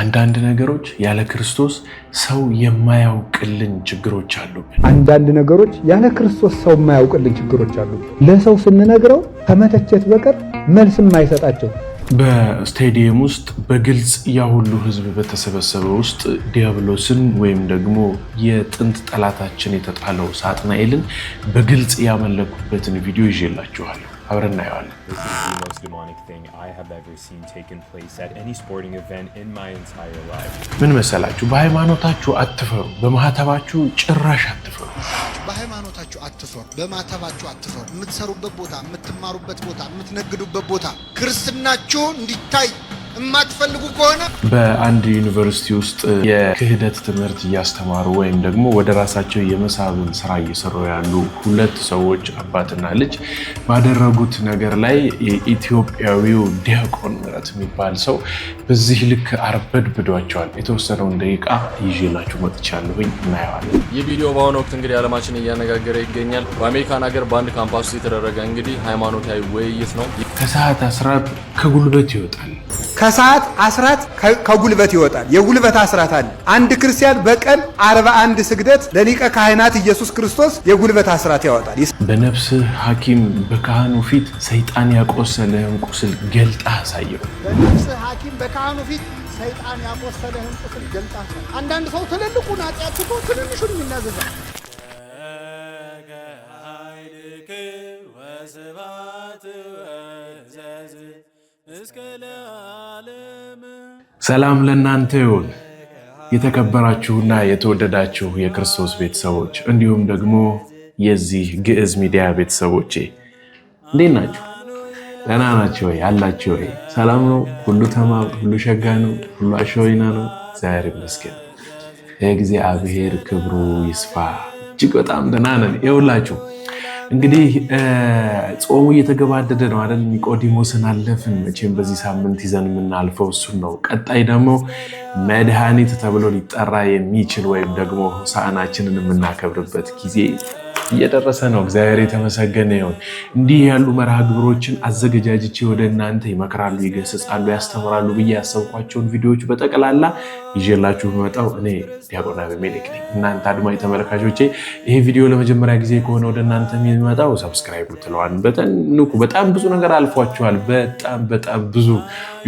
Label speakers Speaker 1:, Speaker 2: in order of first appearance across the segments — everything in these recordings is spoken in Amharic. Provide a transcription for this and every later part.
Speaker 1: አንዳንድ ነገሮች ያለ ክርስቶስ ሰው የማያውቅልን ችግሮች አሉብን። አንዳንድ ነገሮች ያለ ክርስቶስ ሰው የማያውቅልን ችግሮች አሉብን። ለሰው ስንነግረው ከመተቸት በቀር መልስ የማይሰጣቸው በስታዲየም ውስጥ በግልጽ ያ ሁሉ ሕዝብ በተሰበሰበ ውስጥ ዲያብሎስን ወይም ደግሞ የጥንት ጠላታችን የተጣለው ሳጥናኤልን በግልጽ ያመለኩበትን ቪዲዮ ይዤላችኋለሁ። አብረን እናየዋለን። ምን መሰላችሁ? በሃይማኖታችሁ አትፈሩ፣ በማህተባችሁ ጭራሽ አትፈሩ። በሃይማኖታችሁ አትፈሩ፣ በማህተባችሁ አትፈሩ። የምትሰሩበት ቦታ፣ የምትማሩበት ቦታ፣ የምትነግዱበት ቦታ ክርስትናችሁ እንዲታይ የማትፈልጉ ከሆነ በአንድ ዩኒቨርሲቲ ውስጥ የክህደት ትምህርት እያስተማሩ ወይም ደግሞ ወደ ራሳቸው የመሳብን ስራ እየሰሩ ያሉ ሁለት ሰዎች አባትና ልጅ ባደረጉት ነገር ላይ የኢትዮጵያዊው ዲያቆን ምረት የሚባል ሰው በዚህ ልክ ብዷቸዋል። የተወሰነውን ደቂቃ ይዤላችሁ መጥቻለሁኝ፣ እናየዋለን። ይህ ቪዲዮ በአሁኑ ወቅት እንግዲህ አለማችን እያነጋገረ ይገኛል። በአሜሪካን ሀገር በአንድ ካምፓስ የተደረገ እንግዲህ ሃይማኖታዊ ውይይት ነው። ከሰዓት አስራት ከጉልበት ይወጣል። ከሰዓት አስራት ከጉልበት ይወጣል። የጉልበት አስራት አለ። አንድ ክርስቲያን በቀን አርባ አንድ ስግደት ለሊቀ ካህናት ኢየሱስ ክርስቶስ የጉልበት አስራት ያወጣል። በነፍስ ሐኪም በካህኑ ፊት ሰይጣን ያቆሰለህን ቁስል ገልጣ አሳየው። በነፍስ ሐኪም በካህኑ ፊት ሰይጣን ያቆሰለህን ቁስል ገልጣ አንዳንድ ሰው ትልልቁን ኃጢአት ትቶ ትንንሹን የሚናዘዛል። ሰላም ለእናንተ ይሁን። የተከበራችሁና የተወደዳችሁ የክርስቶስ ቤተሰቦች እንዲሁም ደግሞ የዚህ ግዕዝ ሚዲያ ቤተሰቦቼ እንዴት ናችሁ? ደህና ናችሁ ወይ? አላችሁ ወይ? ሰላም ነው? ሁሉ ተማም፣ ሁሉ ሸጋ ነው፣ ሁሉ አሸወይና ነው። እግዚአብሔር ይመስገን። የእግዚአብሔር ክብሩ ይስፋ። እጅግ በጣም ደህና ነን። ይኸውላችሁ እንግዲህ ጾሙ እየተገባደደ ነው አይደል? ኒቆዲሞስን አለፍን። መቼም በዚህ ሳምንት ይዘን የምናልፈው እሱን ነው። ቀጣይ ደግሞ መድኃኒት ተብሎ ሊጠራ የሚችል ወይም ደግሞ ሆሳዕናችንን የምናከብርበት ጊዜ እየደረሰ ነው። እግዚአብሔር የተመሰገነ ይሁን። እንዲህ ያሉ መርሃ ግብሮችን አዘገጃጅቼ ወደ እናንተ ይመክራሉ፣ ይገስጻሉ፣ ያስተምራሉ ብዬ ያሰብኳቸውን ቪዲዮዎች በጠቅላላ ይዤላችሁ መጣው። እኔ ዲያቆን አቤሜሌክ ነኝ። እናንተ አድማጭ ተመልካቾቼ ይሄ ቪዲዮ ለመጀመሪያ ጊዜ ከሆነ ወደ እናንተ የሚመጣው ሰብስክራይብ ትለዋል። በተንኩ በጣም ብዙ ነገር አልፏችኋል። በጣም በጣም ብዙ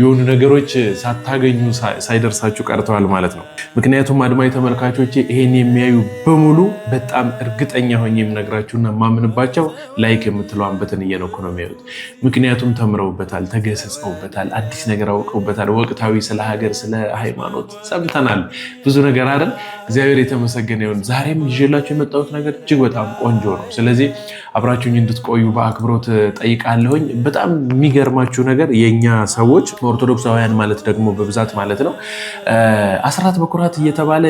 Speaker 1: የሆኑ ነገሮች ሳታገኙ ሳይደርሳችሁ ቀርተዋል ማለት ነው። ምክንያቱም አድማጭ ተመልካቾቼ ይሄን የሚያዩ በሙሉ በጣም እርግጠኛ ሆኜ የምነግራችሁና የማምንባቸው ላይክ የምትለዋንበትን በተን እየነኩ ነው የሚያዩት። ምክንያቱም ተምረውበታል፣ ተገሰጸውበታል፣ አዲስ ነገር አውቀውበታል። ወቅታዊ ስለ ሀገር፣ ስለ ሃይማኖት ሰምተናል። ብዙ ነገር አይደል? እግዚአብሔር የተመሰገነ ይሁን። ዛሬም ይዤላችሁ የመጣሁት ነገር እጅግ በጣም ቆንጆ ነው። ስለዚህ አብራችሁኝ እንድትቆዩ በአክብሮት ጠይቃለሁኝ። በጣም የሚገርማችሁ ነገር የእኛ ሰዎች ኦርቶዶክሳውያን ማለት ደግሞ በብዛት ማለት ነው አስራት በኩራት እየተባለ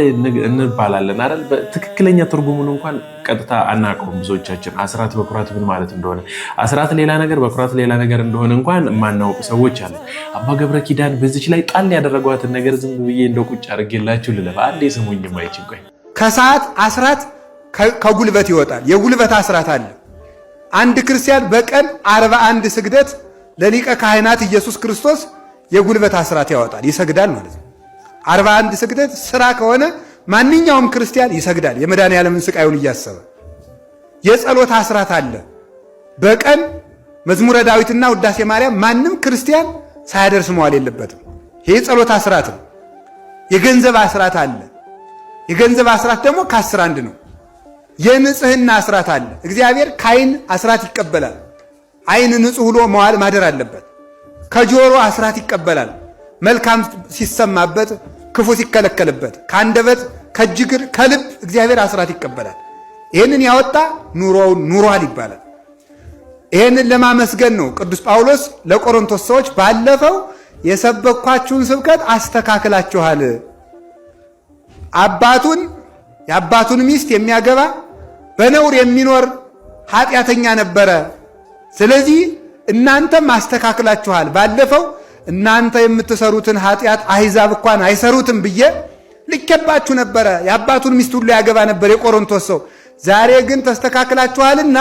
Speaker 1: እንባላለን አይደል? ትክክለኛ ትርጉሙን እንኳን ቀጥታ አናውቀውም ብዙዎቻችን። አስራት በኩራት ምን ማለት እንደሆነ አስራት ሌላ ነገር በኩራት ሌላ ነገር እንደሆነ እንኳን የማናውቅ ሰዎች አለ። አባ ገብረ ኪዳን በዚች ላይ ጣል ያደረጓትን ነገር ዝም ብዬ እንደ ቁጭ አድርጌላችሁ ልለፍ። አንዴ ስሙኝ። ማይችል ከሰዓት አስራት ከጉልበት ይወጣል። የጉልበት አስራት አለ አንድ ክርስቲያን በቀን አርባ አንድ ስግደት ለሊቀ ካህናት ኢየሱስ ክርስቶስ የጉልበት አስራት ያወጣል፣ ይሰግዳል ማለት ነው። አርባ አንድ ስግደት ስራ ከሆነ ማንኛውም ክርስቲያን ይሰግዳል። የመድኃኔ ዓለምን ስቃዩን እያሰበ የጸሎት አስራት አለ። በቀን መዝሙረ ዳዊትና ውዳሴ ማርያም ማንም ክርስቲያን ሳያደርስ መዋል የለበትም። ይሄ የጸሎት አስራት ነው። የገንዘብ አስራት አለ። የገንዘብ አስራት ደግሞ ከአስር አንድ ነው። የንጽህና አስራት አለ። እግዚአብሔር ከአይን አስራት ይቀበላል። አይን ንጹህ ሁሎ መዋል ማደር አለበት። ከጆሮ አስራት ይቀበላል። መልካም ሲሰማበት፣ ክፉ ሲከለከልበት፣ ከአንደበት፣ ከጅግር ከልብ እግዚአብሔር አስራት ይቀበላል። ይህንን ያወጣ ኑሮውን ኑሯል ይባላል። ይህንን ለማመስገን ነው ቅዱስ ጳውሎስ ለቆሮንቶስ ሰዎች ባለፈው የሰበኳችሁን ስብከት አስተካክላችኋል። አባቱን የአባቱን ሚስት የሚያገባ በነውር የሚኖር ኃጢአተኛ ነበረ። ስለዚህ እናንተም አስተካክላችኋል። ባለፈው እናንተ የምትሰሩትን ኃጢአት አሕዛብ እንኳን አይሰሩትም ብዬ ልኬባችሁ ነበረ። የአባቱን ሚስት ሁሉ ያገባ ነበር የቆሮንቶስ ሰው። ዛሬ ግን ተስተካክላችኋልና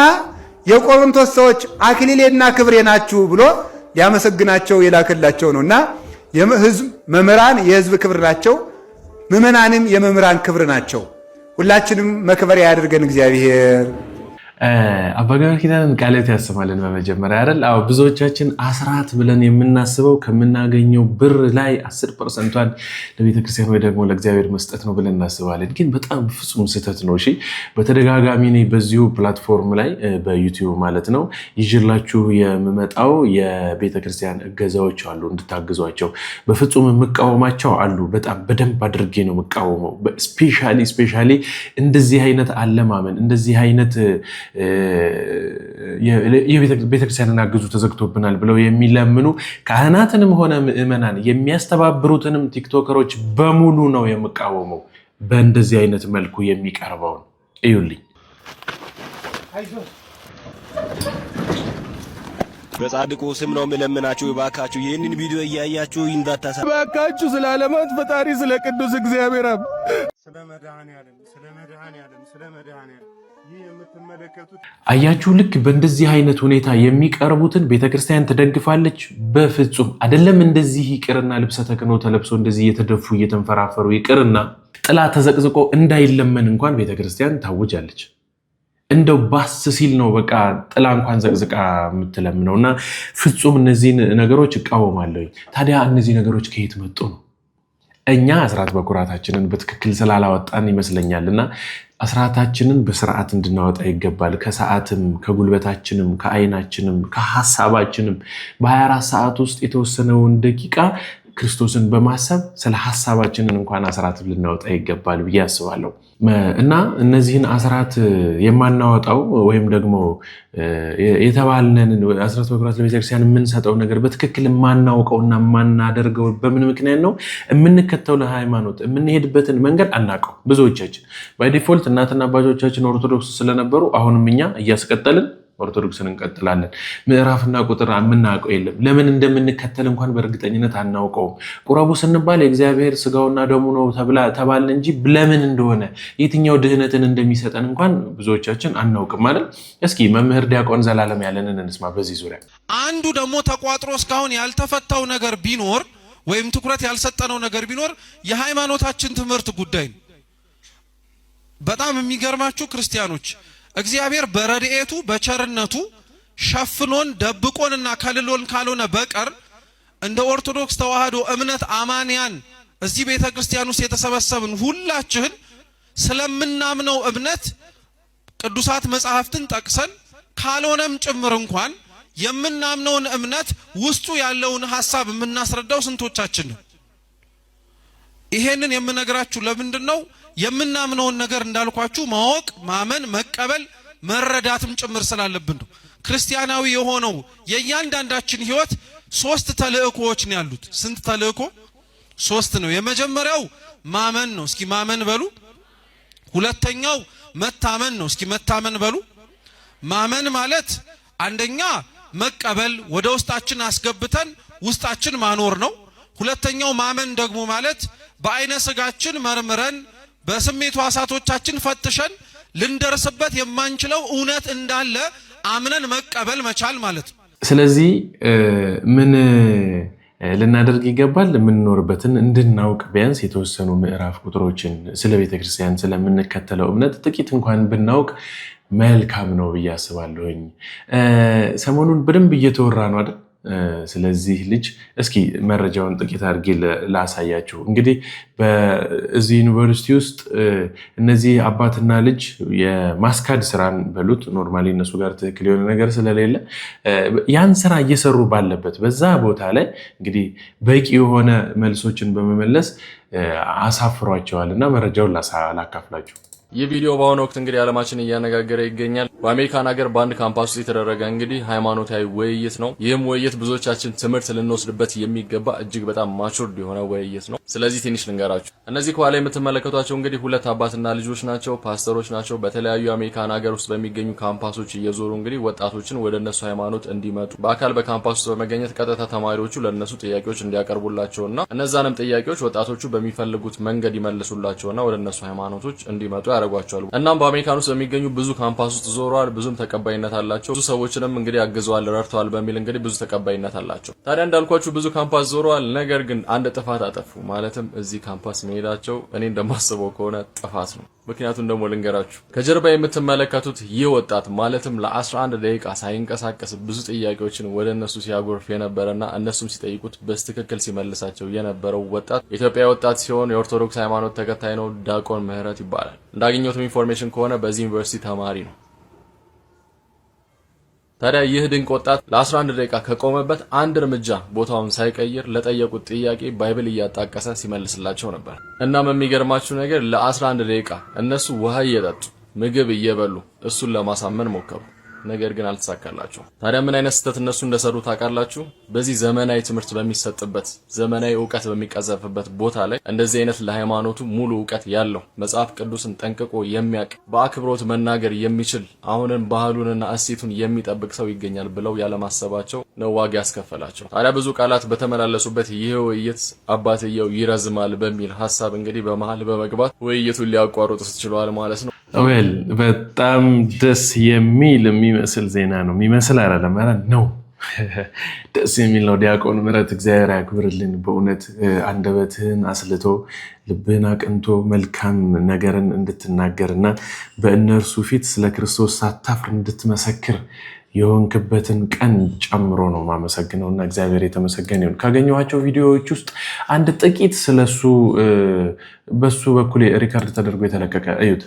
Speaker 1: የቆሮንቶስ ሰዎች አክሊሌና ክብሬ ናችሁ ብሎ ሊያመሰግናቸው የላከላቸው ነው እና የህዝብ መምህራን የህዝብ ክብር ናቸው፣ ምዕመናንም የመምህራን ክብር ናቸው። ሁላችንም መክበሪያ ያድርገን እግዚአብሔር። አባ ኪዳን ቃለት ያሰማልን። በመጀመሪያ አይደል? አዎ ብዙዎቻችን አስራት ብለን የምናስበው ከምናገኘው ብር ላይ አስር ፐርሰንቷን ለቤተክርስቲያን ወይ ደግሞ ለእግዚአብሔር መስጠት ነው ብለን እናስባለን። ግን በጣም ፍጹም ስህተት ነው። እሺ፣ በተደጋጋሚ እኔ በዚሁ ፕላትፎርም ላይ በዩቲዩብ ማለት ነው ይዤላችሁ የምመጣው የቤተክርስቲያን እገዛዎች አሉ እንድታግዟቸው። በፍጹም የምቃወማቸው አሉ። በጣም በደንብ አድርጌ ነው የምቃወመው። ስፔሻሊ ስፔሻሊ እንደዚህ አይነት አለማመን እንደዚህ አይነት የቤተክርስቲያንን አግዙ ተዘግቶብናል ብለው የሚለምኑ ካህናትንም ሆነ ምዕመናን የሚያስተባብሩትንም ቲክቶከሮች በሙሉ ነው የምቃወመው። በእንደዚህ አይነት መልኩ የሚቀርበውን እዩልኝ። በጻድቁ ስም ነው የምለምናችሁ፣ እባካችሁ ይህንን ቪዲዮ እያያችሁ እንዳታሳ እባካችሁ፣ ስለ ዓለማት ፈጣሪ ስለ ቅዱስ እግዚአብሔር ስለ መድኃኔዓለም ስለ መድኃኔዓለም ስለ መድኃኔዓለም አያችሁ፣ ልክ በእንደዚህ አይነት ሁኔታ የሚቀርቡትን ቤተክርስቲያን ትደግፋለች? በፍጹም አይደለም። እንደዚህ ይቅርና ልብሰ ተክኖ ተለብሶ እንደዚህ እየተደፉ እየተንፈራፈሩ ይቅርና ጥላ ተዘቅዝቆ እንዳይለመን እንኳን ቤተክርስቲያን ታውጃለች። እንደው ባስ ሲል ነው በቃ ጥላ እንኳን ዘቅዝቃ የምትለምነው እና ፍጹም እነዚህ ነገሮች እቃወማለሁ። ታዲያ እነዚህ ነገሮች ከየት መጡ ነው? እኛ አስራት በኩራታችንን በትክክል ስላላወጣን እና አስራታችንን በስርዓት እንድናወጣ ይገባል። ከሰዓትም፣ ከጉልበታችንም፣ ከአይናችንም፣ ከሀሳባችንም በ24 ሰዓት ውስጥ የተወሰነውን ደቂቃ ክርስቶስን በማሰብ ስለ ሀሳባችንን እንኳን አስራት ልናወጣ ይገባል ብዬ አስባለሁ። እና እነዚህን አስራት የማናወጣው ወይም ደግሞ የተባልነን አስራት በኩራት ለቤተክርስቲያን የምንሰጠው ነገር በትክክል የማናውቀውና የማናደርገው በምን ምክንያት ነው? የምንከተው ሃይማኖት የምንሄድበትን መንገድ አናውቀው። ብዙዎቻችን ባይ ዲፎልት እናትና አባቶቻችን ኦርቶዶክስ ስለነበሩ አሁንም እኛ እያስቀጠልን ኦርቶዶክስን እንቀጥላለን። ምዕራፍና ቁጥር የምናውቀው የለም። ለምን እንደምንከተል እንኳን በእርግጠኝነት አናውቀውም። ቁረቡ ስንባል የእግዚአብሔር ስጋውና ደሙ ነው ተባልን እንጂ ለምን እንደሆነ የትኛው ድህነትን እንደሚሰጠን እንኳን ብዙዎቻችን አናውቅም ማለት። እስኪ መምህር ዲያቆን ዘላለም ያለንን እንስማ በዚህ ዙሪያ። አንዱ ደግሞ ተቋጥሮ እስካሁን ያልተፈታው ነገር ቢኖር ወይም ትኩረት ያልሰጠነው ነገር ቢኖር የሃይማኖታችን ትምህርት ጉዳይ ነው። በጣም የሚገርማችሁ ክርስቲያኖች እግዚአብሔር በረድኤቱ በቸርነቱ ሸፍኖን ደብቆንና ከልሎን ካልሆነ በቀር እንደ ኦርቶዶክስ ተዋህዶ እምነት አማንያን እዚህ ቤተ ክርስቲያን ውስጥ የተሰበሰብን ሁላችን ስለምናምነው እምነት ቅዱሳት መጽሐፍትን ጠቅሰን ካልሆነም ጭምር እንኳን የምናምነውን እምነት ውስጡ ያለውን ሐሳብ የምናስረዳው ስንቶቻችን ነው? ይሄንን የምነግራችሁ ለምንድን ነው? የምናምነውን ነገር እንዳልኳችሁ ማወቅ፣ ማመን፣ መቀበል፣ መረዳትም ጭምር ስላለብን ነው። ክርስቲያናዊ የሆነው የእያንዳንዳችን ህይወት ሶስት ተልእኮዎች ነው ያሉት። ስንት ተልእኮ? ሶስት ነው። የመጀመሪያው ማመን ነው። እስኪ ማመን በሉ። ሁለተኛው መታመን ነው። እስኪ መታመን በሉ። ማመን ማለት አንደኛ መቀበል፣ ወደ ውስጣችን አስገብተን ውስጣችን ማኖር ነው። ሁለተኛው ማመን ደግሞ ማለት በአይነ ስጋችን መርምረን በስሜት ሕዋሳቶቻችን ፈትሸን ልንደርስበት የማንችለው እውነት እንዳለ አምነን መቀበል መቻል ማለት ነው። ስለዚህ ምን ልናደርግ ይገባል? የምንኖርበትን እንድናውቅ ቢያንስ የተወሰኑ ምዕራፍ ቁጥሮችን ስለ ቤተክርስቲያን ስለምንከተለው እምነት ጥቂት እንኳን ብናውቅ መልካም ነው ብዬ አስባለሁኝ። ሰሞኑን በደንብ እየተወራ ነው አይደል? ስለዚህ ልጅ እስኪ መረጃውን ጥቂት አድርጌ ላሳያችሁ። እንግዲህ በዚህ ዩኒቨርሲቲ ውስጥ እነዚህ አባትና ልጅ የማስካድ ስራን በሉት ኖርማሊ እነሱ ጋር ትክክል የሆነ ነገር ስለሌለ ያን ስራ እየሰሩ ባለበት በዛ ቦታ ላይ እንግዲህ በቂ የሆነ መልሶችን በመመለስ አሳፍሯቸዋል እና መረጃውን ላካፍላችሁ። ይህ ቪዲዮ በአሁኑ ወቅት እንግዲህ ዓለማችን እያነጋገረ ይገኛል። በአሜሪካን ሀገር በአንድ ካምፓስ ውስጥ የተደረገ እንግዲህ ሃይማኖታዊ ውይይት ነው። ይህም ውይይት ብዙዎቻችን ትምህርት ልንወስድበት የሚገባ እጅግ በጣም ማቹርድ የሆነ ውይይት ነው። ስለዚህ ትንሽ ልንገራችሁ። እነዚህ ከኋላ የምትመለከቷቸው እንግዲህ ሁለት አባትና ልጆች ናቸው፣ ፓስተሮች ናቸው። በተለያዩ የአሜሪካን ሀገር ውስጥ በሚገኙ ካምፓሶች እየዞሩ እንግዲህ ወጣቶችን ወደ እነሱ ሃይማኖት እንዲመጡ በአካል በካምፓስ ውስጥ በመገኘት ቀጥታ ተማሪዎቹ ለእነሱ ጥያቄዎች እንዲያቀርቡላቸውና እነዛንም ጥያቄዎች ወጣቶቹ በሚፈልጉት መንገድ ይመልሱላቸውና ወደ እነሱ ሃይማኖቶች እንዲመጡ ያደርጓቸዋል። እናም በአሜሪካን ውስጥ በሚገኙ ብዙ ካምፓስ ውስጥ ዞረዋል። ብዙም ተቀባይነት አላቸው። ብዙ ሰዎችንም እንግዲህ አግዘዋል፣ ረድተዋል በሚል እንግዲህ ብዙ ተቀባይነት አላቸው። ታዲያ እንዳልኳችሁ ብዙ ካምፓስ ዞረዋል። ነገር ግን አንድ ጥፋት አጠፉ። ማለትም እዚህ ካምፓስ መሄዳቸው እኔ እንደማስበው ከሆነ ጥፋት ነው። ምክንያቱም ደግሞ ልንገራችሁ፣ ከጀርባ የምትመለከቱት ይህ ወጣት ማለትም ለ11 ደቂቃ ሳይንቀሳቀስ ብዙ ጥያቄዎችን ወደ እነሱ ሲያጎርፍ የነበረና እነሱም ሲጠይቁት በትክክል ሲመልሳቸው የነበረው ወጣት ኢትዮጵያ ወጣት ሲሆን የኦርቶዶክስ ሃይማኖት ተከታይ ነው። ዲያቆን ምህረት ይባላል። ያገኘሁትም ኢንፎርሜሽን ከሆነ በዚህ ዩኒቨርሲቲ ተማሪ ነው። ታዲያ ይህ ድንቅ ወጣት ለ11 ደቂቃ ከቆመበት አንድ እርምጃ ቦታውን ሳይቀይር ለጠየቁት ጥያቄ ባይብል እያጣቀሰ ሲመልስላቸው ነበር። እናም የሚገርማችሁ ነገር ለ11 ደቂቃ እነሱ ውሃ እየጠጡ ምግብ እየበሉ እሱን ለማሳመን ሞከሩ። ነገር ግን አልተሳካላቸው። ታዲያ ምን አይነት ስህተት እነሱ እንደሰሩ ታውቃላችሁ? በዚህ ዘመናዊ ትምህርት በሚሰጥበት ዘመናዊ እውቀት በሚቀዘፍበት ቦታ ላይ እንደዚህ አይነት ለሃይማኖቱ ሙሉ እውቀት ያለው መጽሐፍ ቅዱስን ጠንቅቆ የሚያውቅ በአክብሮት መናገር የሚችል አሁንን ባህሉንና እሴቱን የሚጠብቅ ሰው ይገኛል ብለው ያለማሰባቸው ነው ዋጋ ያስከፈላቸው። ታዲያ ብዙ ቃላት በተመላለሱበት ይህ ውይይት አባትየው ይረዝማል በሚል ሀሳብ እንግዲህ በመሀል በመግባት ውይይቱን ሊያቋርጡ ችለዋል ማለት ነው። ዌል በጣም ደስ የሚል የሚመስል ዜና ነው። የሚመስል አይደለም ነው፣ ደስ የሚል ነው። ዲያቆን ምህረት እግዚአብሔር ያክብርልን። በእውነት አንደበትህን አስልቶ ልብህን አቅንቶ መልካም ነገርን እንድትናገርና በእነርሱ ፊት ስለ ክርስቶስ ሳታፍር እንድትመሰክር የሆንክበትን ቀን ጨምሮ ነው ማመሰግነው እና እግዚአብሔር የተመሰገነ ይሁን። ካገኘኋቸው ቪዲዮዎች ውስጥ አንድ ጥቂት ስለሱ በሱ በኩል ሪከርድ ተደርጎ የተለቀቀ እዩት።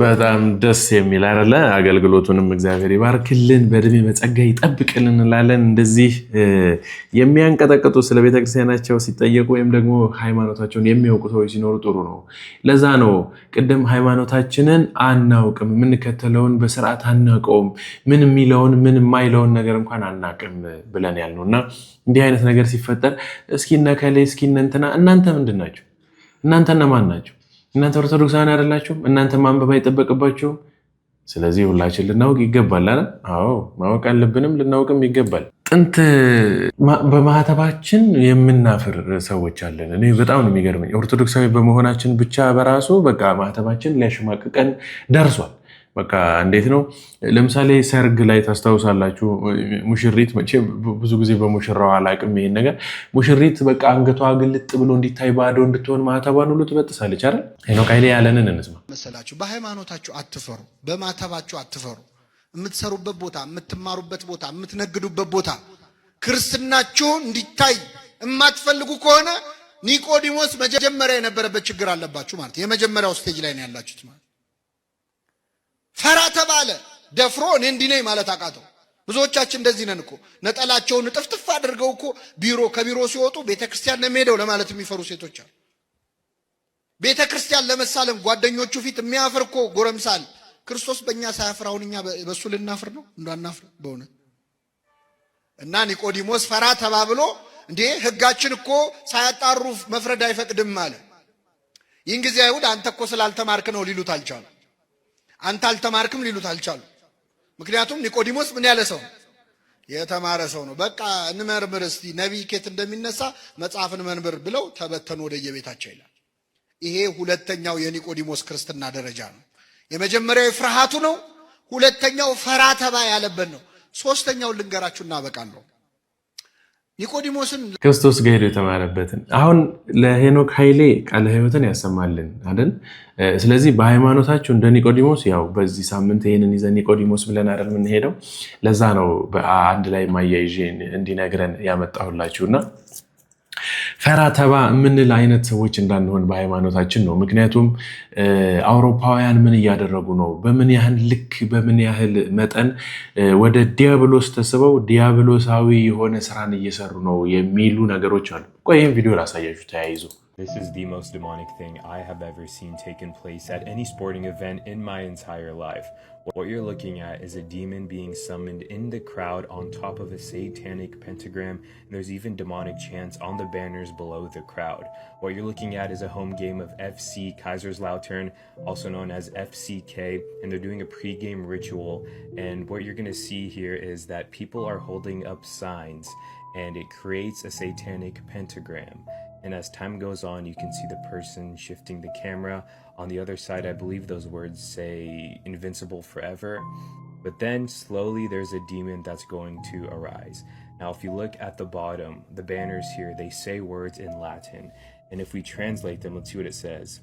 Speaker 1: በጣም ደስ የሚል አይደለ? አገልግሎቱንም እግዚአብሔር ይባርክልን፣ በእድሜ በጸጋ ይጠብቅልን እንላለን። እንደዚህ የሚያንቀጠቅጡ ስለ ቤተክርስቲያናቸው ሲጠየቁ ወይም ደግሞ ሃይማኖታቸውን የሚያውቁ ሰዎች ሲኖሩ ጥሩ ነው። ለዛ ነው ቅድም ሃይማኖታችንን አናውቅም፣ የምንከተለውን በስርዓት አናውቀውም፣ ምን የሚለውን ምን የማይለውን ነገር እንኳን አናውቅም ብለን ያልነው እና እንዲህ አይነት ነገር ሲፈጠር እስኪ እነ እስኪ እናንተ ምንድን ናቸው? እናንተ እነማን ናቸው? እናንተ ኦርቶዶክሳን አይደላችሁም? እናንተ ማንበብ አይጠበቅባችሁም? ስለዚህ ሁላችን ልናውቅ ይገባል። አ አዎ፣ ማወቅ አለብንም ልናውቅም ይገባል። ጥንት በማህተባችን የምናፍር ሰዎች አለን። እኔ በጣም ነው የሚገርመኝ። ኦርቶዶክሳዊ በመሆናችን ብቻ በራሱ በቃ ማህተባችን ሊያሸማቅቀን ደርሷል። በቃ እንዴት ነው ለምሳሌ ሰርግ ላይ ታስታውሳላችሁ። ሙሽሪት መቼ ብዙ ጊዜ በሙሽራዋ አላቅም ይሄን ነገር ሙሽሪት በቃ አንገቷ ግልጥ ብሎ እንዲታይ ባዶ እንድትሆን ማተቧን ሁሉ ትበጥሳለች አይደል? ሄኖክ ያለንን እንስማ መሰላችሁ። በሃይማኖታችሁ አትፈሩ፣ በማተባችሁ አትፈሩ። የምትሰሩበት ቦታ፣ የምትማሩበት ቦታ፣ የምትነግዱበት ቦታ ክርስትናችሁ እንዲታይ የማትፈልጉ ከሆነ ኒቆዲሞስ መጀመሪያ የነበረበት ችግር አለባችሁ ማለት የመጀመሪያው ስቴጅ ላይ ነው ያላችሁት ማለት ፈራ ተባለ። ደፍሮ እኔ እንዲህ ነኝ ማለት አቃተው። ብዙዎቻችን እንደዚህ ነን እኮ ነጠላቸውን ጥፍጥፍ አድርገው እኮ ቢሮ ከቢሮ ሲወጡ ቤተ ክርስቲያን ነው ለማለት የሚፈሩ ሴቶች አሉ። ቤተ ክርስቲያን ለመሳለም ጓደኞቹ ፊት የሚያፍር እኮ ጎረምሳል። ክርስቶስ በእኛ ሳያፍር አሁን እኛ በእሱ ልናፍር ነው? እንዳናፍር በእውነት እና ኒቆዲሞስ ፈራ ተባብሎ እንዴ ህጋችን እኮ ሳያጣሩ መፍረድ አይፈቅድም አለ። ይህን ጊዜ አይሁድ አንተ እኮ ስላልተማርክ ነው ሊሉት አልቻሉ። አንተ አልተማርክም ሊሉት አልቻሉ። ምክንያቱም ኒቆዲሞስ ምን ያለ ሰው የተማረ ሰው ነው። በቃ እንመርምር እስቲ ነቢይ ኬት እንደሚነሳ መጽሐፍን መንብር ብለው ተበተኑ የቤታቸው ይላል። ይሄ ሁለተኛው የኒቆዲሞስ ክርስትና ደረጃ ነው። የመጀመሪያው ፍርሃቱ ነው። ሁለተኛው ፈራ ተባ ያለበት ነው። ሶስተኛውን ልንገራችሁ እናበቃለሁ። ኒቆዲሞስን ክርስቶስ ጋር ሄዶ የተማረበትን አሁን ለሄኖክ ኃይሌ ቃለ ሕይወትን ያሰማልን አይደል? ስለዚህ በሃይማኖታችሁ እንደ ኒቆዲሞስ ያው በዚህ ሳምንት ይህንን ይዘን ኒቆዲሞስ ብለን አይደል የምንሄደው። ለዛ ነው አንድ ላይ ማያይዤ እንዲነግረን ያመጣሁላችሁ እና ፈራ ተባ የምንል አይነት ሰዎች እንዳንሆን በሃይማኖታችን ነው። ምክንያቱም አውሮፓውያን ምን እያደረጉ ነው? በምን ያህል ልክ በምን ያህል መጠን ወደ ዲያብሎስ ተስበው ዲያብሎሳዊ የሆነ ስራን እየሰሩ ነው የሚሉ ነገሮች አሉ። ቆይ ይህም ቪዲዮ ላሳያችሁ ተያይዞ
Speaker 2: This is the most demonic thing I have ever seen taken place at any sporting event in my entire life. What you're looking at is a demon being summoned in the crowd on top of a satanic pentagram, and there's even demonic chants on the banners below the crowd. What you're looking at is a home game of FC Kaiserslautern, also known as FCK, and they're doing a pre-game ritual. And what you're gonna see here is that people are holding up signs, and it creates a satanic pentagram. And as time goes on, you can see the person shifting the camera. On the other side, I believe those words say invincible forever. But then slowly there's a demon that's going to arise. Now, if you look at the bottom, the banners here, they say words in Latin. And if we translate them, let's see what it says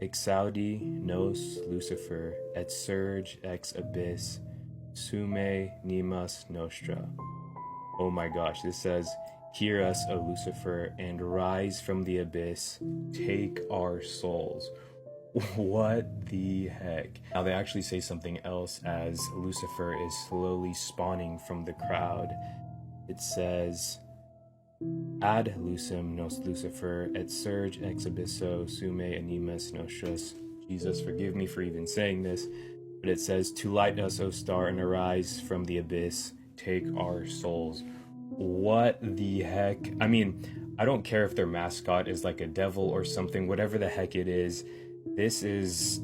Speaker 2: Exaudi nos Lucifer, et surge ex abyss, sume nimas nostra. Oh my gosh, this says, Hear us, O Lucifer, and rise from the abyss. Take our souls. What the heck? Now, they actually say something else as Lucifer is slowly spawning from the crowd. It says, Ad lucem nos Lucifer, et surge ex abysso, sume animas nostras. Jesus, forgive me for even saying this, but it says, To light us, O star, and arise from the abyss, take our souls. what the heck? I mean, I don't care if their mascot is like a devil or something, whatever the heck it is. This is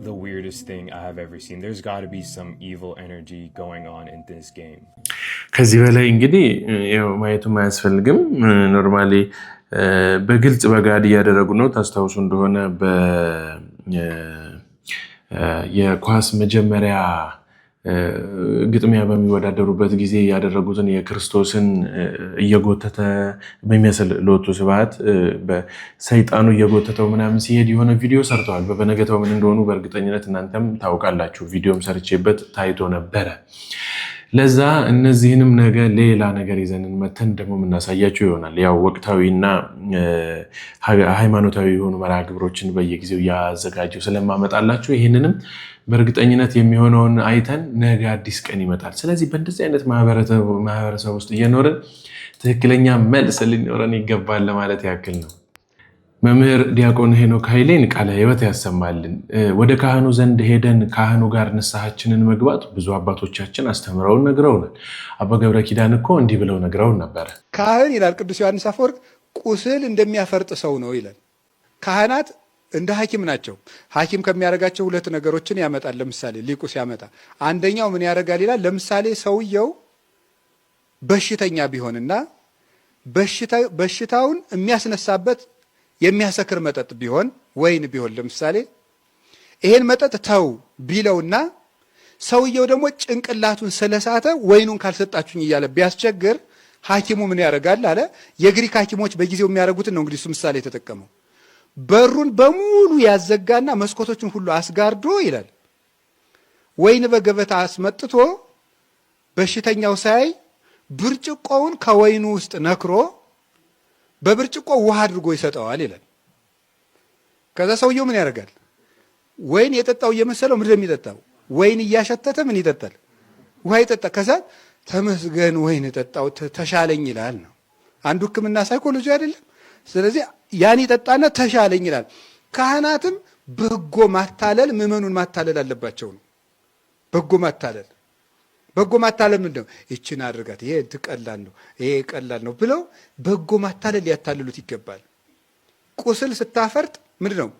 Speaker 2: the weirdest thing I have ever seen. There's got to be some evil energy going on in this game.
Speaker 1: ከዚህ በላይ እንግዲህ ማየቱም አያስፈልግም። ኖርማሊ በግልጽ በጋድ እያደረጉ ነው። ታስታውሱ እንደሆነ የኳስ መጀመሪያ ግጥሚያ በሚወዳደሩበት ጊዜ ያደረጉትን የክርስቶስን እየጎተተ በሚመስል ሎቱ ስብሐት በሰይጣኑ እየጎተተው ምናምን ሲሄድ የሆነ ቪዲዮ ሰርተዋል። በበነገተው ምን እንደሆኑ በእርግጠኝነት እናንተም ታውቃላችሁ። ቪዲዮም ሰርቼበት ታይቶ ነበረ። ለዛ እነዚህንም ነገ ሌላ ነገር ይዘንን መተን ደግሞ የምናሳያቸው ይሆናል። ያው ወቅታዊና ሃይማኖታዊ የሆኑ መርሃ ግብሮችን በየጊዜው እያዘጋጀው ስለማመጣላችሁ ይህንንም በእርግጠኝነት የሚሆነውን አይተን ነገ አዲስ ቀን ይመጣል። ስለዚህ በእንደዚህ አይነት ማህበረሰብ ውስጥ እየኖርን ትክክለኛ መልስ ሊኖረን ይገባል ለማለት ያክል ነው። መምህር ዲያቆን ሄኖክ ኃይሌን ቃለ ሕይወት ያሰማልን። ወደ ካህኑ ዘንድ ሄደን ካህኑ ጋር ንስሐችንን መግባት ብዙ አባቶቻችን አስተምረውን ነግረውናል። አባ ገብረ ኪዳን እኮ እንዲህ ብለው ነግረውን ነበረ። ካህን ይላል ቅዱስ ዮሐንስ አፈወርቅ ቁስል እንደሚያፈርጥ ሰው ነው ይላል። ካህናት እንደ ሐኪም ናቸው። ሐኪም ከሚያደርጋቸው ሁለት ነገሮችን ያመጣል። ለምሳሌ ሊቁ ሲያመጣ አንደኛው ምን ያደርጋል ይላል። ለምሳሌ ሰውየው በሽተኛ ቢሆንና በሽታውን የሚያስነሳበት የሚያሰክር መጠጥ ቢሆን ወይን ቢሆን ለምሳሌ ይሄን መጠጥ ተው ቢለውና ሰውየው ደግሞ ጭንቅላቱን ስለሳተ ወይኑን ካልሰጣችሁኝ እያለ ቢያስቸግር ሐኪሙ ምን ያደርጋል አለ። የግሪክ ሐኪሞች በጊዜው የሚያደርጉትን ነው እንግዲህ እሱ ምሳሌ የተጠቀመው። በሩን በሙሉ ያዘጋና መስኮቶችን ሁሉ አስጋርዶ ይላል። ወይን በገበታ አስመጥቶ በሽተኛው ሳይ ብርጭቆውን ከወይኑ ውስጥ ነክሮ በብርጭቆ ውሃ አድርጎ ይሰጠዋል ይላል። ከዛ ሰውየው ምን ያደርጋል? ወይን የጠጣው እየመሰለው ምንድን የሚጠጣው ወይን እያሸተተ ምን ይጠጣል? ውሃ ይጠጣ። ከዛ ተመስገን ወይን ጠጣው ተሻለኝ ይላል ነው። አንዱ ህክምና ሳይኮሎጂ አይደለም። ስለዚህ ያን ይጠጣና ተሻለኝ ይላል። ካህናትም በጎ ማታለል ምእመኑን ማታለል አለባቸው ነው። በጎ ማታለል በጎ ማታለል ምንድን ነው? ይችን አድርጋት፣ ይሄ ቀላል ነው፣ ይሄ ቀላል ነው ብለው በጎ ማታለል ሊያታልሉት ይገባል። ቁስል ስታፈርጥ ምንድን ነው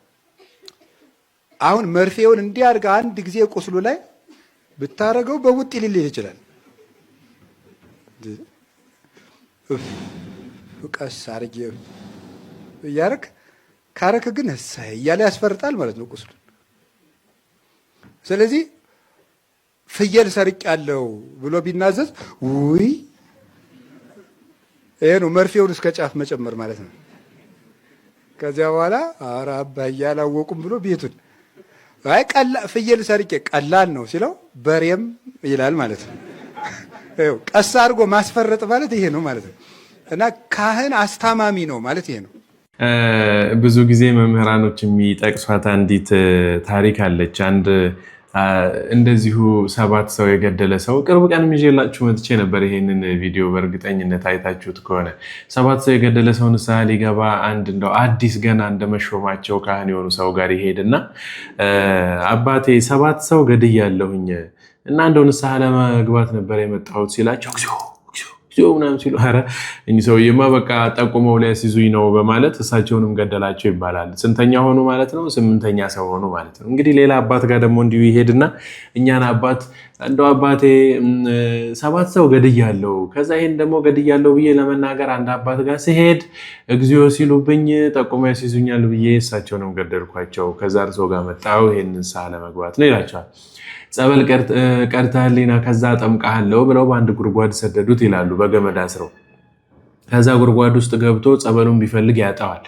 Speaker 1: አሁን መርፌውን እንዲህ አድርጋ አንድ ጊዜ ቁስሉ ላይ ብታረገው በውጥ ይልል ይችላል። ቀስ አርጌ እያረክ ካረክ ግን እሳይ እያለ ያስፈርጣል ማለት ነው ቁስሉን። ስለዚህ ፍየል ሰርቅ ያለው ብሎ ቢናዘዝ ውይ ይሄ ነው መርፌውን እስከ ጫፍ መጨመር ማለት ነው። ከዚያ በኋላ ኧረ አባዬ አላወቁም ብሎ ቤቱን አይ ቀላ ፍየል ሰርቄ ቀላል ነው ሲለው በሬም ይላል ማለት ነው። ቀስ አድርጎ ማስፈረጥ ማለት ይሄ ነው ማለት ነው። እና ካህን አስታማሚ ነው ማለት ይሄ ነው። ብዙ ጊዜ መምህራኖች የሚጠቅሷት አንዲት ታሪክ አለች። አንድ እንደዚሁ ሰባት ሰው የገደለ ሰው ቅርብ ቀን ይዤላችሁ መጥቼ ነበር። ይሄንን ቪዲዮ በእርግጠኝነት አይታችሁት ከሆነ ሰባት ሰው የገደለ ሰው ንስሐ ሊገባ አንድ እንደው አዲስ ገና እንደመሾማቸው ካህን የሆኑ ሰው ጋር ይሄድና አባቴ ሰባት ሰው ገድያለሁኝ እና እንደው ንስሐ ለመግባት ነበር የመጣሁት ሲላቸው እየው ምናምን ሲሉ ኧረ እኚህ ሰውዬማ በቃ ጠቁመው ሊያስይዙኝ ነው በማለት እሳቸውንም ገደላቸው ይባላል። ስንተኛ ሆኑ ማለት ነው? ስምንተኛ ሰው ሆኑ ማለት ነው። እንግዲህ ሌላ አባት ጋር ደግሞ እንዲሁ ይሄድና እኛን አባት እንደው አባቴ ሰባት ሰው ገድያለሁ፣ ከዛ ይሄን ደግሞ ገድያለሁ ብዬ ለመናገር አንድ አባት ጋር ስሄድ እግዚኦ ሲሉብኝ ጠቁመ ያስይዙኛል ብዬ እሳቸውንም ገደልኳቸው፣ ከዛ እርሶ ጋር መጣሁ ይሄንን ሳ ለመግባት ነው ይላቸዋል። ጸበል ቀድተህሊና ከዛ ጠምቃሃለው ብለው በአንድ ጉድጓድ ሰደዱት ይላሉ በገመድ አስረው ከዛ ጉድጓድ ውስጥ ገብቶ ጸበሉን ቢፈልግ ያጠዋል።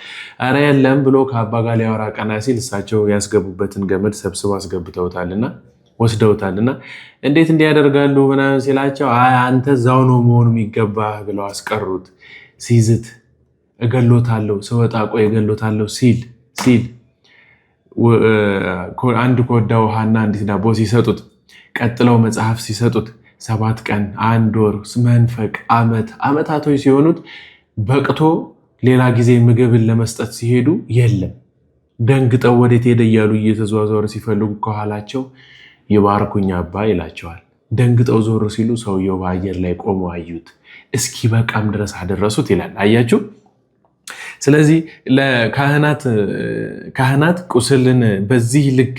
Speaker 1: አረ የለም ብሎ ከአባ ጋር ሊያወራ ቀና ሲል እሳቸው ያስገቡበትን ገመድ ሰብስበው አስገብተውታልና ወስደውታልና እንዴት እንዲያደርጋሉ ምናምን ሲላቸው አንተ እዛው ነው መሆኑ የሚገባ ብለው አስቀሩት። ሲዝት እገሎታለሁ ስወጣ ቆይ እገሎታለሁ ሲል ሲል አንድ ኮዳ ውሃና አንዲት ዳቦ ሲሰጡት፣ ቀጥለው መጽሐፍ ሲሰጡት ሰባት ቀን አንድ ወር መንፈቅ ዓመት ዓመታቶች ሲሆኑት በቅቶ ሌላ ጊዜ ምግብን ለመስጠት ሲሄዱ የለም። ደንግጠው ወዴት ሄደ እያሉ እየተዟዟሩ ሲፈልጉ ከኋላቸው ይባርኩኝ አባ ይላቸዋል። ደንግጠው ዞር ሲሉ ሰውየው በአየር ላይ ቆሞ አዩት። እስኪ በቃም ድረስ አደረሱት ይላል። አያችሁ? ስለዚህ ካህናት ቁስልን በዚህ ልክ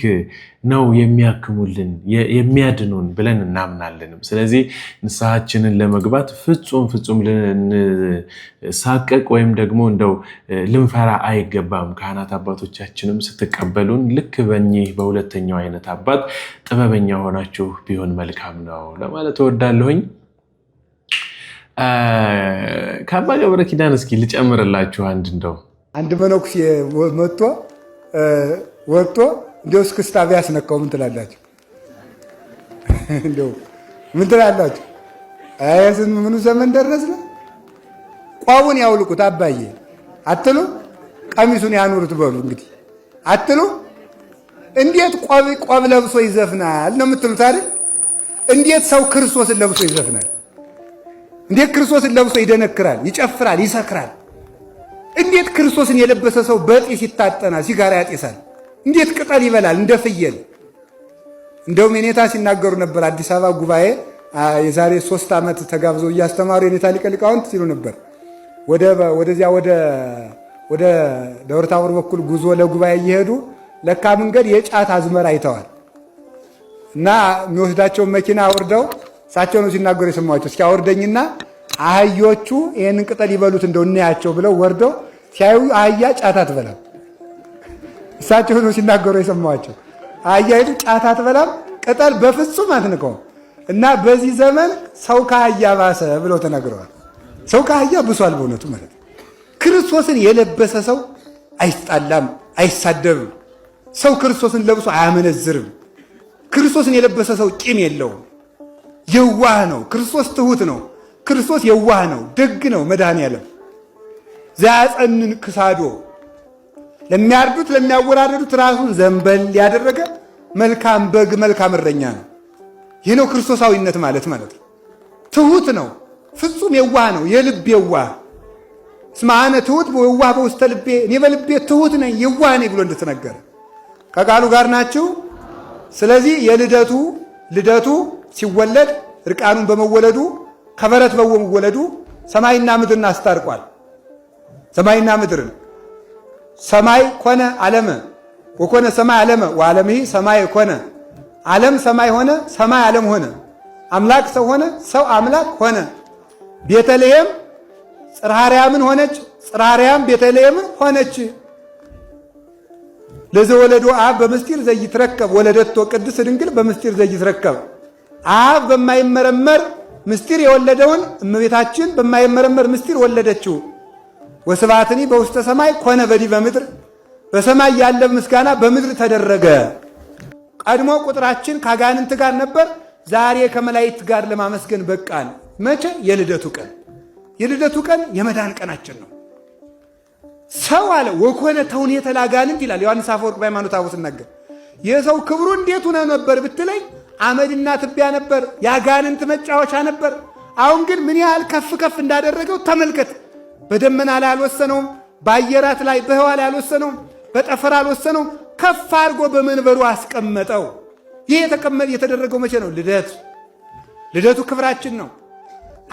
Speaker 1: ነው የሚያክሙልን የሚያድኑን ብለን እናምናለንም። ስለዚህ ንስሐችንን ለመግባት ፍጹም ፍጹም ልንሳቀቅ ወይም ደግሞ እንደው ልንፈራ አይገባም። ካህናት አባቶቻችንም ስትቀበሉን ልክ በኚህ በሁለተኛው አይነት አባት ጥበበኛ ሆናችሁ ቢሆን መልካም ነው ለማለት እወዳለሁኝ። ከአባ ገብረ ኪዳን እስኪ ልጨምርላችሁ አንድ እንደው አንድ መነኩሴ መጥቶ ወጥቶ እንዲያው እስክስታ ቢያስነካው ምን ትላላችሁ? እንዲያው ምን ትላላችሁ? አያስን ምኑ ዘመን ደረስነ? ቋቡን ያውልቁት አባዬ አትሉ፣ ቀሚሱን ያኑሩት በሉ እንግዲህ አትሉ። እንዴት ቆብ ቆብ ለብሶ ይዘፍናል ነው የምትሉት አይደል? እንዴት ሰው ክርስቶስን ለብሶ ይዘፍናል? እንዴት ክርስቶስን ለብሶ ይደነክራል፣ ይጨፍራል፣ ይሰክራል? እንዴት ክርስቶስን የለበሰ ሰው በጢስ ይታጠናል፣ ሲጋራ ያጤሳል? እንዴት ቅጠል ይበላል እንደ ፍየል? እንደውም የኔታ ሲናገሩ ነበር። አዲስ አበባ ጉባኤ የዛሬ ሶስት ዓመት ተጋብዘው እያስተማሩ የኔታ ሊቀ ሊቃውንት ሲሉ ነበር ወደዚያ ወደ ደብረ ታቦር በኩል ጉዞ ለጉባኤ እየሄዱ ለካ መንገድ የጫት አዝመራ አይተዋል እና የሚወስዳቸውን መኪና አውርደው እሳቸው ነው ሲናገሩ የሰማቸው። እስኪ አወርደኝና አህዮቹ ይህንን ቅጠል ይበሉት እንደው እናያቸው ብለው ወርደው ሲያዩ አህያ ጫት አትበላም። እሳቸው ነው ሲናገሩ የሰማቸው። አህያይቱ ጫት አትበላም፣ ቅጠል በፍጹም አትንቀውም። እና በዚህ ዘመን ሰው ከአህያ ባሰ ብለው ተናግረዋል። ሰው ከአህያ ብሷል በእውነቱ ማለት ነው። ክርስቶስን የለበሰ ሰው አይጣላም፣ አይሳደብም። ሰው ክርስቶስን ለብሶ አያመነዝርም። ክርስቶስን የለበሰ ሰው ቂም የለውም። የዋህ ነው። ክርስቶስ ትሁት ነው። ክርስቶስ የዋህ ነው፣ ደግ ነው። መድኃኔዓለም ዘያጸንን ክሳዶ ለሚያርዱት ለሚያወራረዱት ራሱን ዘንበል ያደረገ መልካም በግ መልካም እረኛ ነው። ይህ ነው ክርስቶሳዊነት ማለት ማለት ነው። ትሁት ነው፣ ፍጹም የዋህ ነው። የልብ የዋህ ስማአነ ትሁት የዋህ በውስተ ልቤ፣ እኔ በልቤ ትሁት ነኝ የዋህ ነኝ ብሎ እንደተነገረ ከቃሉ ጋር ናችሁ። ስለዚህ የልደቱ ልደቱ ሲወለድ እርቃኑን በመወለዱ ከበረት በመወለዱ ሰማይና ምድርን አስታርቋል። ሰማይና ምድርን ሰማይ ኮነ ዓለም ወኮነ ሰማይ ዓለም ወዓለምሂ ሰማይ ኮነ ዓለም ሰማይ ሆነ፣ ሰማይ ዓለም ሆነ። አምላክ ሰው ሆነ፣ ሰው አምላክ ሆነ። ቤተልሔም ጽርሐርያምን ሆነች፣ ጽርሐርያም ቤተልሔምን ሆነች። ለዘወለዶ አብ በምስጢር ዘይትረከብ ወለደቶ ቅድስ ድንግል በምስጢር ዘይትረከብ አብ በማይመረመር ምስጢር የወለደውን እመቤታችን በማይመረመር ምስጢር ወለደችው። ወስባትኒ በውስተ ሰማይ ኮነ በዲ ምድር፣ በሰማይ ያለ ምስጋና በምድር ተደረገ። ቀድሞ ቁጥራችን ከአጋንንት ጋር ነበር። ዛሬ ከመላእክት ጋር ለማመስገን በቃን። መቼ? የልደቱ ቀን። የልደቱ ቀን የመዳን ቀናችን ነው። ሰው አለ ወኮነ ተውኔተ ለአጋንንት ይላል ዮሐንስ አፈወርቅ በሃይማኖተ አበው ሲናገር የሰው ክብሩ እንዴት ሆነ ነበር ብትለኝ አመድና ትቢያ ነበር፣ የአጋንንት መጫወቻ ነበር። አሁን ግን ምን ያህል ከፍ ከፍ እንዳደረገው ተመልከት። በደመና ላይ አልወሰነውም፣ በአየራት ላይ በህዋ ላይ አልወሰነውም፣ በጠፈር አልወሰነውም። ከፍ አድርጎ በመንበሩ አስቀመጠው። ይህ የተደረገው መቼ ነው? ልደቱ ልደቱ ክብራችን ነው።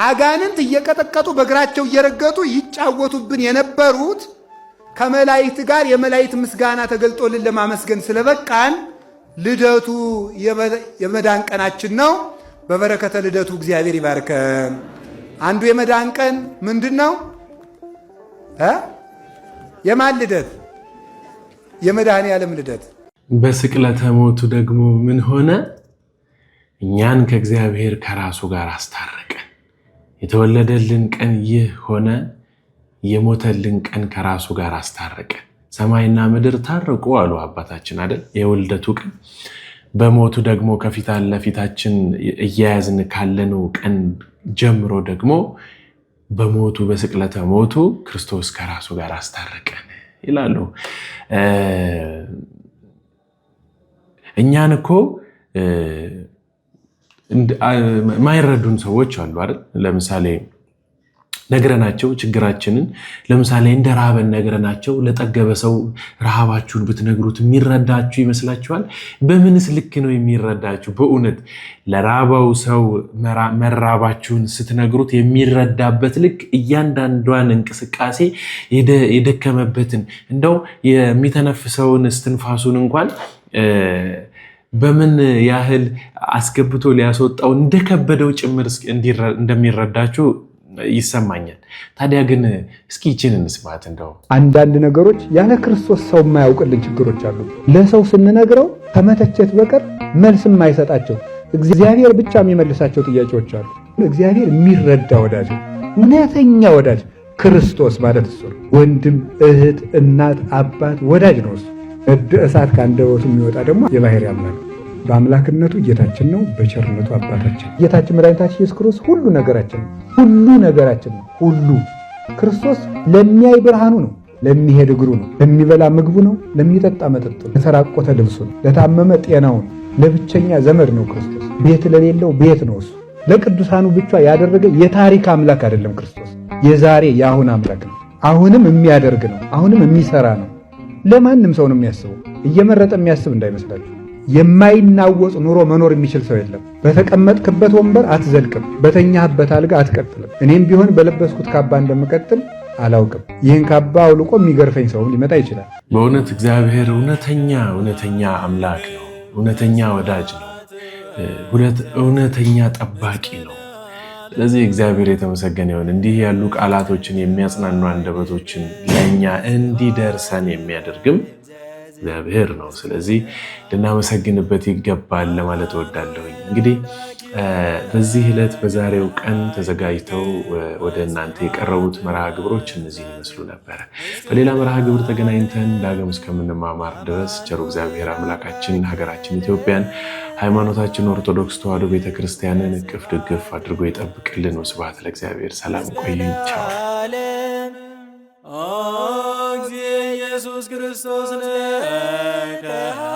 Speaker 1: አጋንንት እየቀጠቀጡ በእግራቸው እየረገጡ ይጫወቱብን የነበሩት ከመላእክት ጋር የመላእክት ምስጋና ተገልጦልን ለማመስገን ስለበቃን ልደቱ የመዳን ቀናችን ነው። በበረከተ ልደቱ እግዚአብሔር ይባርከን። አንዱ የመዳን ቀን ምንድን ነው? የማን ልደት? የመድኃኔ ዓለም ልደት። በስቅለተ ሞቱ ደግሞ ምን ሆነ? እኛን ከእግዚአብሔር ከራሱ ጋር አስታረቀን። የተወለደልን ቀን ይህ ሆነ። የሞተልን ቀን ከራሱ ጋር አስታረቀን። ሰማይና ምድር ታርቁ አሉ አባታችን አይደል? የውልደቱ ቀን በሞቱ ደግሞ ከፊት ለፊታችን እያያዝን ካለነው ቀን ጀምሮ ደግሞ በሞቱ በስቅለተ ሞቱ ክርስቶስ ከራሱ ጋር አስታረቀን ይላሉ። እኛን እኮ ማይረዱን ሰዎች አሉ አይደል? ለምሳሌ ነግረናቸው ችግራችንን ለምሳሌ እንደ ረሃበን ነግረናቸው ለጠገበ ሰው ረሃባችሁን ብትነግሩት የሚረዳችሁ ይመስላችኋል? በምንስ ልክ ነው የሚረዳችሁ? በእውነት ለራበው ሰው መራባችሁን ስትነግሩት የሚረዳበት ልክ እያንዳንዷን እንቅስቃሴ የደከመበትን እንደው የሚተነፍሰውን እስትንፋሱን እንኳን በምን ያህል አስገብቶ ሊያስወጣው እንደከበደው ጭምር እንደሚረዳችሁ ይሰማኛል። ታዲያ ግን እስኪ ይችን እንስማት። እንደው አንዳንድ ነገሮች ያለ ክርስቶስ ሰው የማያውቅልን ችግሮች አሉ። ለሰው ስንነግረው ከመተቸት በቀር መልስ የማይሰጣቸው እግዚአብሔር ብቻ የሚመልሳቸው ጥያቄዎች አሉ። እግዚአብሔር የሚረዳ ወዳጅ፣ እውነተኛ ወዳጅ ክርስቶስ ማለት እሱ ወንድም፣ እህት፣ እናት፣ አባት ወዳጅ ነው እሱ። እሳት ከአንደበቱ የሚወጣ ደግሞ የባህር ያምናል በአምላክነቱ ጌታችን ነው፣ በቸርነቱ አባታችን። ጌታችን መድኃኒታችን ኢየሱስ ክርስቶስ ሁሉ ነገራችን ነው፣ ሁሉ ነገራችን ነው። ሁሉ ክርስቶስ ለሚያይ ብርሃኑ ነው፣ ለሚሄድ እግሩ ነው፣ ለሚበላ ምግቡ ነው፣ ለሚጠጣ መጠጡ ነው፣ ለተራቆተ ልብሱ ነው፣ ለታመመ ጤናው ነው፣ ለብቸኛ ዘመድ ነው። ክርስቶስ ቤት ለሌለው ቤት ነው። እሱ ለቅዱሳኑ ብቻ ያደረገ የታሪክ አምላክ አይደለም። ክርስቶስ የዛሬ የአሁን አምላክ ነው። አሁንም የሚያደርግ ነው። አሁንም የሚሰራ ነው። ለማንም ሰው ነው የሚያስበው። እየመረጠ የሚያስብ እንዳይመስላችሁ። የማይናወጽ ኑሮ መኖር የሚችል ሰው የለም። በተቀመጥክበት ወንበር አትዘልቅም፣ በተኛህበት አልጋ አትቀጥልም። እኔም ቢሆን በለበስኩት ካባ እንደምቀጥል አላውቅም። ይህን ካባ አውልቆ የሚገርፈኝ ሰውም ሊመጣ ይችላል። በእውነት እግዚአብሔር እውነተኛ እውነተኛ አምላክ ነው። እውነተኛ ወዳጅ ነው። እውነተኛ ጠባቂ ነው። ስለዚህ እግዚአብሔር የተመሰገነ ይሁን። እንዲህ ያሉ ቃላቶችን የሚያጽናኑ አንደበቶችን ለእኛ እንዲደርሰን የሚያደርግም እግዚአብሔር ነው። ስለዚህ ልናመሰግንበት ይገባል ለማለት እወዳለሁኝ። እንግዲህ በዚህ ዕለት በዛሬው ቀን ተዘጋጅተው ወደ እናንተ የቀረቡት መርሃ ግብሮች እነዚህ ይመስሉ ነበረ። በሌላ መርሃ ግብር ተገናኝተን ዳግም እስከምንማማር ድረስ ቸሩ እግዚአብሔር አምላካችን ሀገራችን ኢትዮጵያን ሃይማኖታችን ኦርቶዶክስ ተዋህዶ ቤተክርስቲያንን እቅፍ ድግፍ አድርጎ ይጠብቅልን። ወስብሐት ለእግዚአብሔር። ሰላም ቆይቻው ኢየሱስ ክርስቶስ ነህ